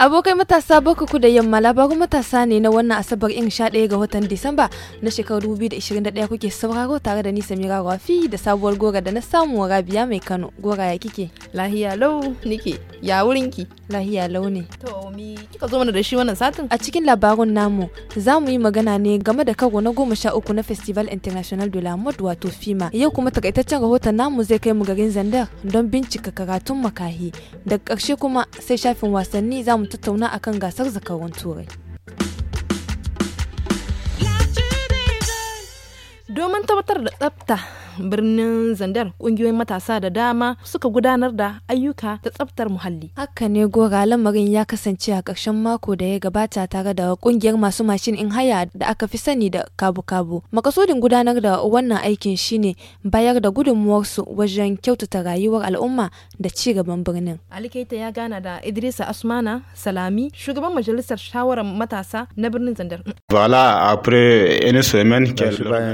Abokai matasa boko ku da yamma labarun matasa ne na wannan Asabar in sha ɗaya ga watan Disamba na shekarar 2021 kuke sauraro tare da ni Samira Rafi da sabuwar gora da na samu Rabiya mai Kano. Gora ya kike? Lahiya lau nike. Ya wurinki? Lahiya lau ne. To kika zo mana da shi wannan satin? A cikin labarun namu za mu yi magana ne game da karo na goma sha uku na Festival International de la Mode wato FIMA. Yau kuma takaitaccen rahoton namu zai kai mu garin Zandar don bincika karatun makahi. Daga ƙarshe kuma sai shafin wasanni za mu tattauna akan gasar zakarun turai. Domin tabbatar da tsafta birnin Zandar kungiyoyin matasa da dama suka gudanar da ayyuka da tsaftar muhalli. Haka ne gora lamarin ya kasance a karshen mako da ya gabata tare da kungiyar masu mashin in haya da aka fi sani da kabu-kabu. Makasudin gudanar da wannan aikin shine bayar da su wajen kyautata rayuwar al'umma da ci gaban birnin. Alikaita ya gana da Idrisa Asmana Salami, shugaban majalisar shawarar matasa na birnin Zandar. Bala a bayan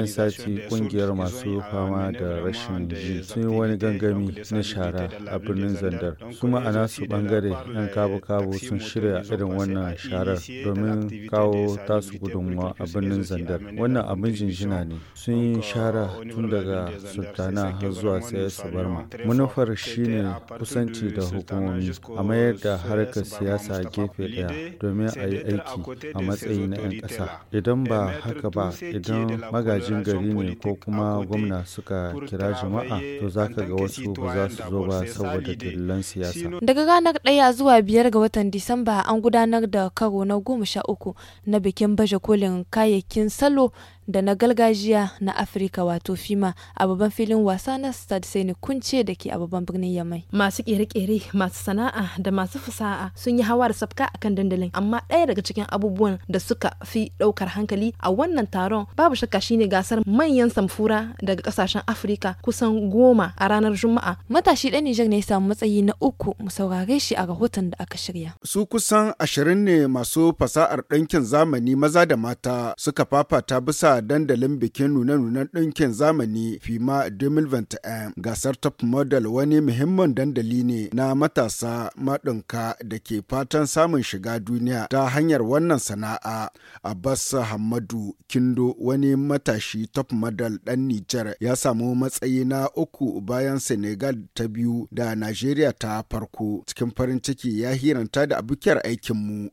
sati kungiyar masu fama kama da rashin ji sun yi wani gangami na shara a birnin Zandar. Kuma a nasu bangare 'yan kabu-kabu sun shirya irin wannan sharar domin kawo tasu gudunmuwa a birnin Zandar. Wannan abin jinjina ne. Sun yi shara tun daga Sultana har zuwa sayar su barma. Manufar shine kusanci da hukumomi a mayar da harkar siyasa gefe ɗaya domin a yi aiki a matsayi na 'yan ƙasa. Idan ba haka ba idan magajin gari ne ko kuma gwamna suka suka kira jama'a to za ka ga wasu ba za su zo ba saboda dalilan siyasa. Daga ranar ɗaya zuwa biyar ga watan Disamba an gudanar da karo na goma sha uku na bikin baje kolin kayayyakin salo da na gargajiya na afirka wato fima a babban filin wasa na stad sai kunce da ke a babban birnin yamai masu kere-kere masu sana'a da masu fasaha sun yi hawa da sabka kan dandalin amma ɗaya daga cikin abubuwan da suka fi ɗaukar hankali a wannan taron babu shakka shine gasar manyan samfura daga ƙasashen afirka kusan goma a ranar juma'a matashi ɗan nijar ne ya samu matsayi na uku mu saurare shi a rahoton da aka shirya su kusan ashirin ne masu fasahar ɗankin zamani maza da mata suka fafata bisa dandalin bikin nune-nunen ɗinkin zamani FIMA 2021. Gasar Top Model wani muhimmin dandali ne na matasa maɗinka da ke fatan samun shiga duniya ta hanyar wannan sana'a. Abbas Hamadu Kindo wani matashi Top Model ɗan Nijar ya samu matsayi na uku bayan Senegal ta biyu da Najeriya ta farko cikin farin ciki ya hiranta da abokiyar aikinmu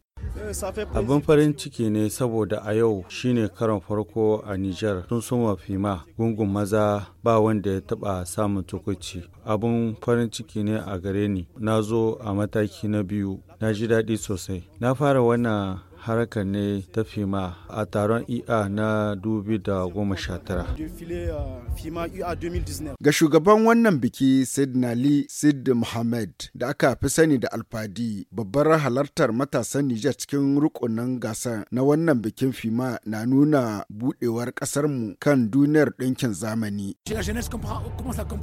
Abin farin ciki ne saboda a yau shine karon farko a Nijar sun soma fima gungun maza ba wanda ya taba samun tukuci. Abin farin ciki ne a gare ni. Na zo a mataki na biyu. Na ji daɗi sosai. Na fara wannan haraka ne ta fima a taron ia e na 2019 ga shugaban wannan biki sidnali sid muhammad da aka fi sani da alfadi babbar halartar matasan nijar cikin rukunin gasar na wannan bikin fima na nuna budewar kasarmu kan duniyar ɗinkin zamani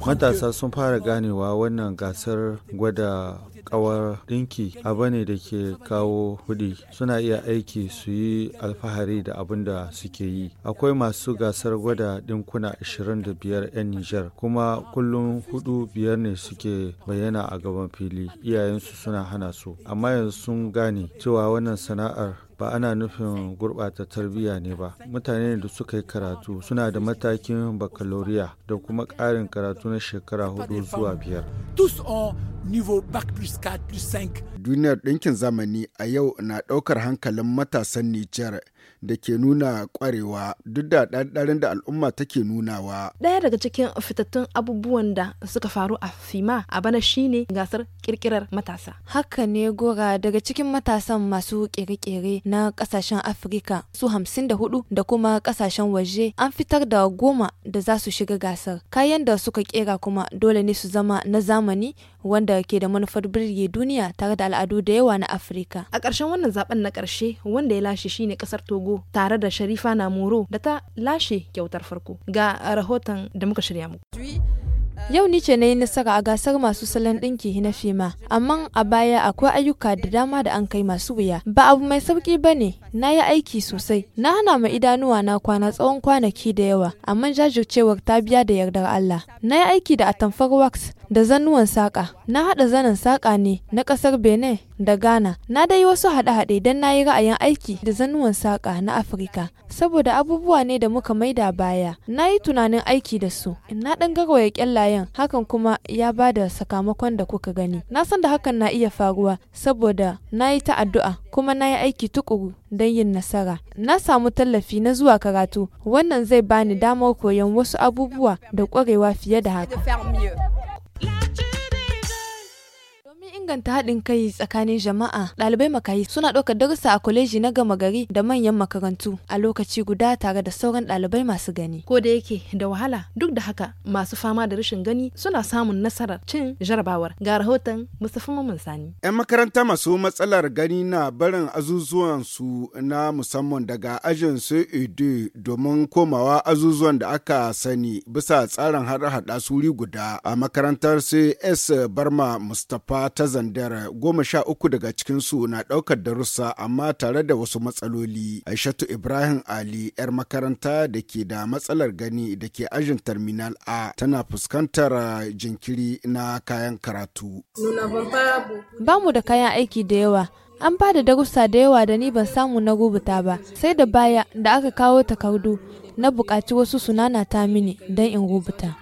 matasa sun fara ganewa wannan gasar gwada kawar ɗinki abu ne da ke kawo kuɗi suna iya aiki su yi alfahari da abin da suke yi akwai masu gasar gwada dinkuna 25 'yan nijar kuma kullum hudu biyar ne suke bayyana a gaban fili iyayensu suna hana su amma yanzu sun gane cewa wannan sana'ar ba ana nufin gurɓata tarbiyya ne ba mutane da suka yi karatu suna da matakin bakaloriya da kuma ƙarin karatu na shekara hudu zuwa biyar duniyar ɗinkin zamani a yau na ɗaukar hankalin matasan nijar da ke nuna ƙwarewa duk da ɗanɗarin da al'umma take nunawa. Ɗaya daga cikin fitattun abubuwan da suka faru a Fima a bana shine gasar kirkirar matasa. Haka ne gora daga cikin matasan masu ƙere-ƙere na kasashen afirka su hamsin da hudu da kuma kasashen waje an fitar da goma da za su shiga gasar kayan da suka kera kuma dole ne su zama na zamani wanda ke da manufar birge duniya tare da al'adu da yawa na afirka a ƙarshen wannan zaben na ƙarshe wanda ya lashe shine ƙasar togo tare da sharifa na moro da ta lashe kyautar farko ga rahoton da muka shirya muku Yau ni ce na yi nasara a gasar masu salon ɗinki na Fema, amma a baya akwai ayyuka da dama da an kai masu wuya. Ba abu mai sauƙi ba ne, na yi aiki sosai. Na hana ma idanuwa na kwana tsawon kwanaki da yawa, amma jajircewar ta biya da yardar Allah. Na yi aiki da atamfar wax da zannuwan saƙa. Na haɗa zanen saƙa ne na ƙasar Benin da Ghana. Na dai wasu haɗe-haɗe don na yi ra'ayin aiki da zannuwan saƙa na Afirka. Saboda abubuwa ne da muka maida baya. Na yi tunanin aiki da su. Na ɗan garwaya ƙyallayen hakan kuma ya ba da sakamakon da kuka gani. Na san da hakan na iya faruwa saboda na yi ta addu'a kuma na yi aiki tuƙuru don yin nasara. Na samu tallafi na zuwa karatu. Wannan zai bani damar koyon wasu abubuwa da ƙwarewa fiye da haka. inganta haɗin kai tsakanin jama'a ɗalibai makayi suna ɗaukar darussa a kwaleji na gama gari da manyan makarantu a lokaci guda tare da sauran ɗalibai masu gani ko da yake da wahala duk da haka masu fama da rashin gani suna samun nasarar cin jarabawar ga rahoton mustafa mamman sani yan makaranta masu matsalar gani na barin azuzuwan su na musamman daga ajin su idu domin komawa azuzuwan da aka sani bisa tsarin haɗa hada suri guda a makarantar cs barma mustapha ta zandara goma sha uku daga cikinsu na ɗaukar darussa amma tare da wasu matsaloli. Aishatu Ibrahim Ali 'yar makaranta da ke da matsalar gani da ke ajin terminal A tana fuskantar jinkiri na kayan karatu. Ba mu da kayan aiki da yawa. An ba da darussa da yawa da ni ban samu na rubuta ba, sai da baya da aka kawo takardu na buƙaci wasu sunana ta mini don in rubuta.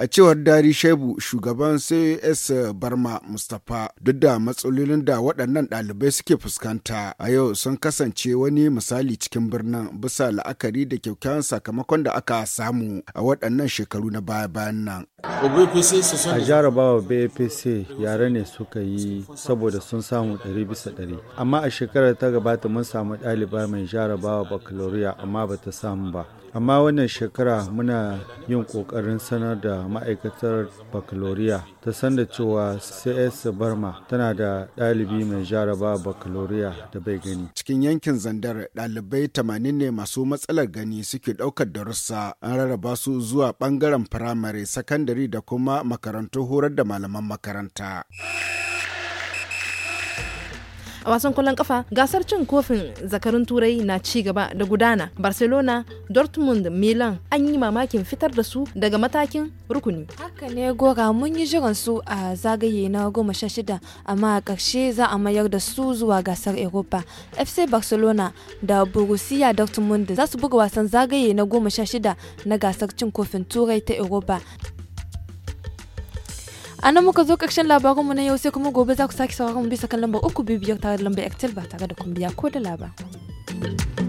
a cewar dari shaibu shugaban cas barma mustapha duk da matsalolin da waɗannan ɗalibai suke fuskanta a yau sun kasance wani misali cikin birnin bisa la'akari da kyakkyawan sakamakon da aka samu a waɗannan shekaru na baya-bayan nan a jarabawa bapc yare ne suka yi saboda sun samu ɗari bisa ɗari amma a shekarar ta gabata mun samu ɗaliba mai jarabawa baccalaureate amma ba ta samu ba amma wannan shekara muna yin ƙoƙarin sanar da ma'aikatar bakaloriya ta sanda cewa cs barma tana da ɗalibi mai jaraba bakaloriya da bai gani cikin yankin zandar ɗalibai tamanin ne masu matsalar gani suke ɗaukar darussa an rarraba su zuwa ɓangaren firamare sakandare da kuma makarantu horar da malaman makaranta. a wasan kwallon kafa gasar cin kofin zakarun turai na ci gaba da gudana barcelona dortmund milan an yi mamakin fitar da su daga matakin rukuni haka ne gora mun yi jiran su a zagaye na goma sha shida amma a ƙarshe za a mayar da su zuwa gasar europa fc barcelona da borussia dortmund za su buga wasan zagaye na goma sha shida na gasar cin kofin turai ta europa a nan muka zo ƙarshen labarinmu na yau sai kuma gobe za ku sake sauraron mu bisa kan lambar uku biyu biyar tare da lambar ba tare da kumbiya ko da laba.